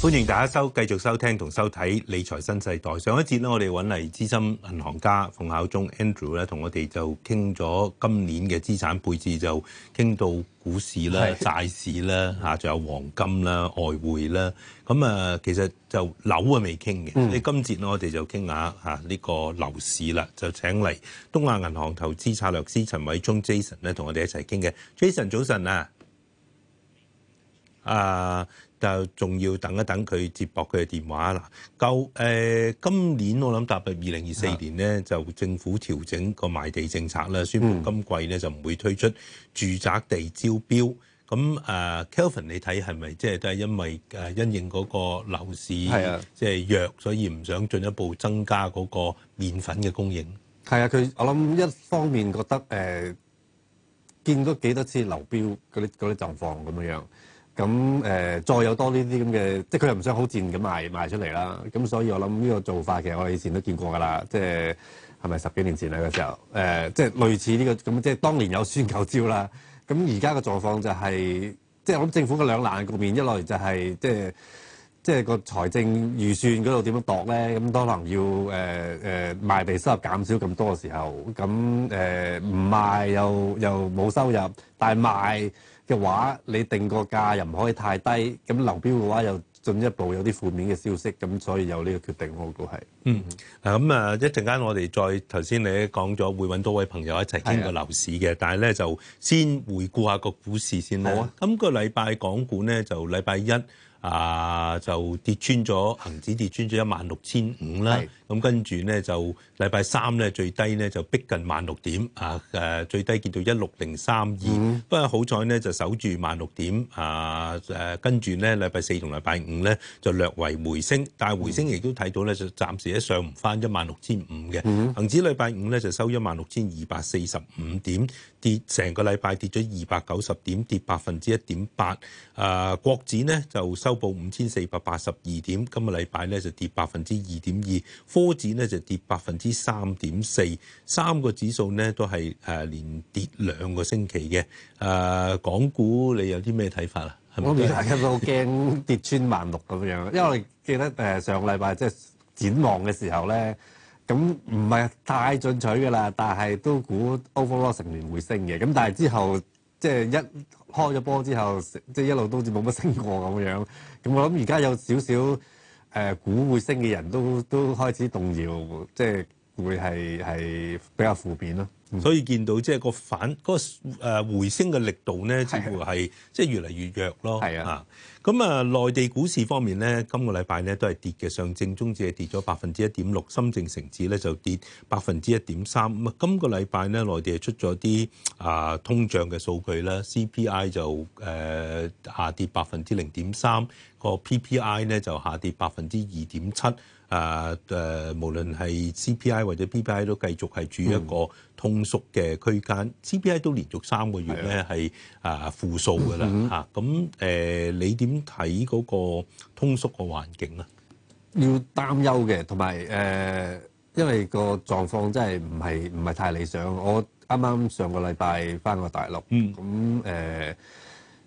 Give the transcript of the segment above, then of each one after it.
歡迎大家收繼續收聽同收睇理財新世代。上一節咧，我哋揾嚟資深銀行家馮孝忠 Andrew 咧，同我哋就傾咗今年嘅資產配置，就傾到股市啦、債市啦、吓仲有黃金啦、外匯啦。咁啊，其實就樓啊未傾嘅。你、嗯、今節咧，我哋就傾下吓呢個樓市啦。就請嚟東亞銀行投資策略師陳偉忠 Jason 咧，同我哋一齊傾嘅。Jason 早晨啊！啊、呃，就仲要等一等佢接駁佢嘅電話啦。夠誒、呃、今年我諗踏入二零二四年咧，就政府調整個賣地政策啦，宣布今季咧、嗯、就唔會推出住宅地招標。咁啊，Kelvin 你睇係咪即係都係因為誒因應嗰個樓市即係弱，所以唔想進一步增加嗰個麵粉嘅供應？係啊，佢我諗一方面覺得誒、呃、見到幾多次流標嗰啲嗰啲狀況咁樣。咁誒、呃，再有多呢啲咁嘅，即係佢又唔想好賤咁賣賣出嚟啦。咁所以我諗呢個做法其實我以前都見過㗎啦，即係係咪十幾年前嚟嘅時候，即、呃、係、就是、類似呢、這個咁，即係當年有宣勾招啦。咁而家嘅狀況就係、是，即、就、係、是、我諗政府嘅兩難局面，一來就係即係即個財政預算嗰度點樣度咧？咁當可能要誒誒、呃呃、賣地收入減少咁多嘅時候，咁誒唔賣又又冇收入，但係賣。嘅話，你定個價又唔可以太低，咁流標嘅話又進一步有啲負面嘅消息，咁所以有呢個決定我都係。嗯，嗱咁啊，一陣間我哋再頭先你講咗會揾多位朋友一齊傾個樓市嘅，但係咧就先回顧下個股市先啦。好啊，咁、那個禮拜港股咧就禮拜一。啊，就跌穿咗恆指跌穿咗一萬六千五啦。咁跟住咧就禮拜三咧最低咧就逼近萬六點啊。誒，最低見到一六零三二，不過好彩咧就守住萬六點啊。誒，跟住咧禮拜四同禮拜五咧就略為回升，但係回升亦都睇到咧就暫時咧上唔翻一萬六千五嘅。恆指禮拜五咧就收一萬六千二百四十五點，跌成個禮拜跌咗二百九十點，跌百分之一點八。啊，國指咧就收。收報五千四百八十二點，今日禮拜咧就跌百分之二點二，科指咧就跌百分之三點四，三個指數咧都係誒連跌兩個星期嘅。誒、呃，港股你有啲咩睇法啊？我哋大家都好驚跌穿萬六咁樣，因為我記得誒上禮拜即係展望嘅時候咧，咁唔係太進取㗎啦，但係都估 overall 成年會升嘅。咁但係之後。即係一開咗波之後，即係一路都好似冇乜升過咁樣。咁我諗而家有少少誒估會升嘅人都都開始動搖，即係會係係比較負面咯。嗯、所以見到即係個反嗰個誒回升嘅力度咧，似乎係即係越嚟越弱咯。係啊，咁啊，內地股市方面咧，今個禮拜咧都係跌嘅，上證綜指係跌咗百分之一點六，深證成指咧就跌百分之一點三。咁啊，今個禮拜咧內地出咗啲啊通脹嘅數據啦，CPI 就誒下跌百分之零點三，個 PPI 咧就下跌百分之二點七。啊，誒，無論係 CPI 或者 PPI 都繼續係處於一個通縮嘅區間，嗯、CPI 都連續三個月咧係啊負數嘅啦嚇。咁、嗯、誒、嗯啊呃，你點睇嗰個通縮個環境咧？要擔憂嘅，同埋誒，因為個狀況真係唔係唔係太理想。我啱啱上個禮拜翻過大陸，咁、嗯、誒、嗯呃，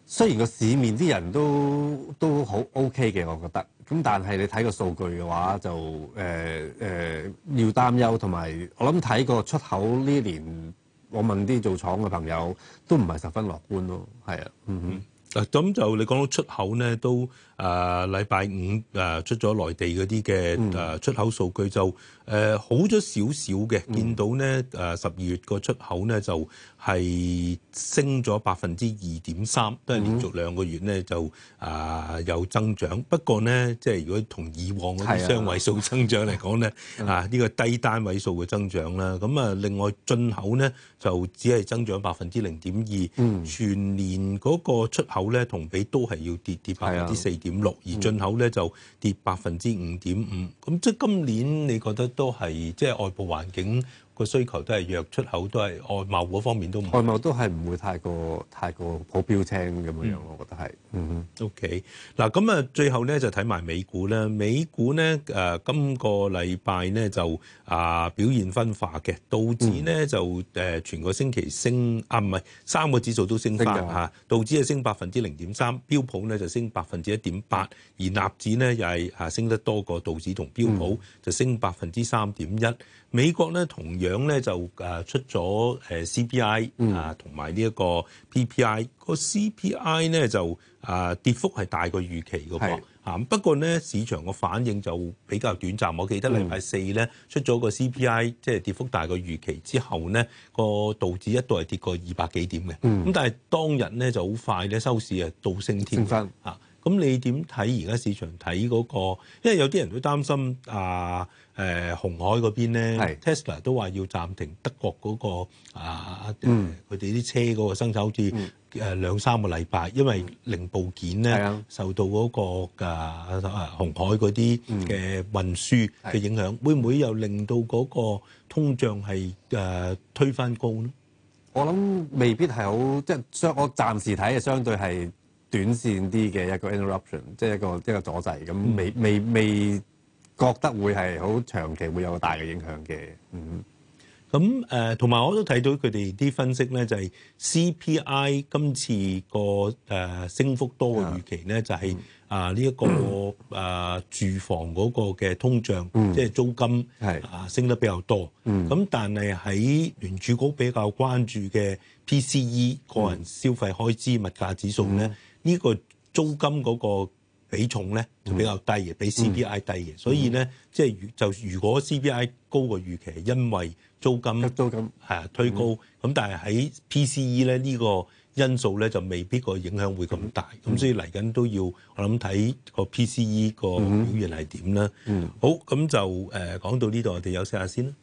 雖然個市面啲人都都好 OK 嘅，我覺得。咁但係你睇個數據嘅話就，就誒誒要擔憂，同埋我諗睇個出口呢年，我問啲做廠嘅朋友都唔係十分樂觀咯，係啊，嗯哼。嗱，咁就你講到出口咧，都誒禮拜五誒、呃、出咗內地嗰啲嘅誒出口數據就誒、呃、好咗少少嘅，見到咧誒十二月個出口咧就係、是、升咗百分之二點三，都係連續兩個月咧就啊、呃、有增長。不過咧，即係如果同以往嗰啲雙位數增長嚟講咧，啊呢、嗯啊呢個低單位數嘅增長啦。咁啊，另外進口咧就只係增長百分之零點二，全年嗰個出口，咧同比都係要跌跌百分之四點六，而進口咧就跌百分之五點五。咁即係今年你覺得都係，即係外部環境個需求都係弱，出口都係，外貿嗰方面都唔外貿都係唔會太過太過好標青咁樣樣，嗯、我覺得係。OK，嗱咁啊，最後咧就睇埋美股啦。美股咧誒、呃，今個禮拜咧就啊、呃、表現分化嘅，道指咧、嗯、就、呃、全個星期升啊，唔係三個指數都升翻嚇、啊，道指係升百分之零點三，標普咧就升百分之一點八，而納指咧又係啊升得多過道指同標普，嗯、就升百分之三點一。美國咧同樣咧就出咗 CPI 啊，同埋呢一個 PPI、嗯。嗯個 CPI 咧就、啊、跌幅係大過預期嘅噃，不過咧市場個反應就比較短暫。我記得禮拜四咧、嗯、出咗個 CPI，即係跌幅大過預期之後咧個道指一度係跌過二百幾點嘅，咁、嗯、但係當日咧就好快咧收市啊倒升添咁、啊、你點睇而家市場睇嗰、那個？因為有啲人都擔心啊誒、呃、紅海嗰邊呢 Tesla 都話要暫停德國嗰、那個啊佢哋啲車嗰個生產。嗯誒兩三個禮拜，因為零部件咧受到嗰個嘅啊紅海嗰啲嘅運輸嘅影響，會唔會又令到嗰個通脹係誒推返高咧？我諗未必係好，即係相我暫時睇係相對係短線啲嘅一個 interruption，即係一個一個阻滯咁，未未未覺得會係好長期會有個大嘅影響嘅，嗯。咁誒，同埋我都睇到佢哋啲分析咧，就係 CPI 今次個誒升幅多嘅預期咧，就係啊呢一個誒住房嗰個嘅通脹，即係租金係升得比較多。咁但係喺聯儲局比較關注嘅 PCE 個人消費開支物價指數咧，呢個租金嗰個，比重咧就比較低嘅，嗯，比 CPI 低嘅，嗯，所以咧即係就如果 CPI 高過預期，係因為租金，啊推高，咁，嗯、但係喺 PCE 咧呢個因素咧就未必個影響會咁大，咁，嗯、所以嚟緊都要我諗睇個 PCE 個表現係點啦。嗯，好，咁就誒講到呢度，我哋休息下先啦。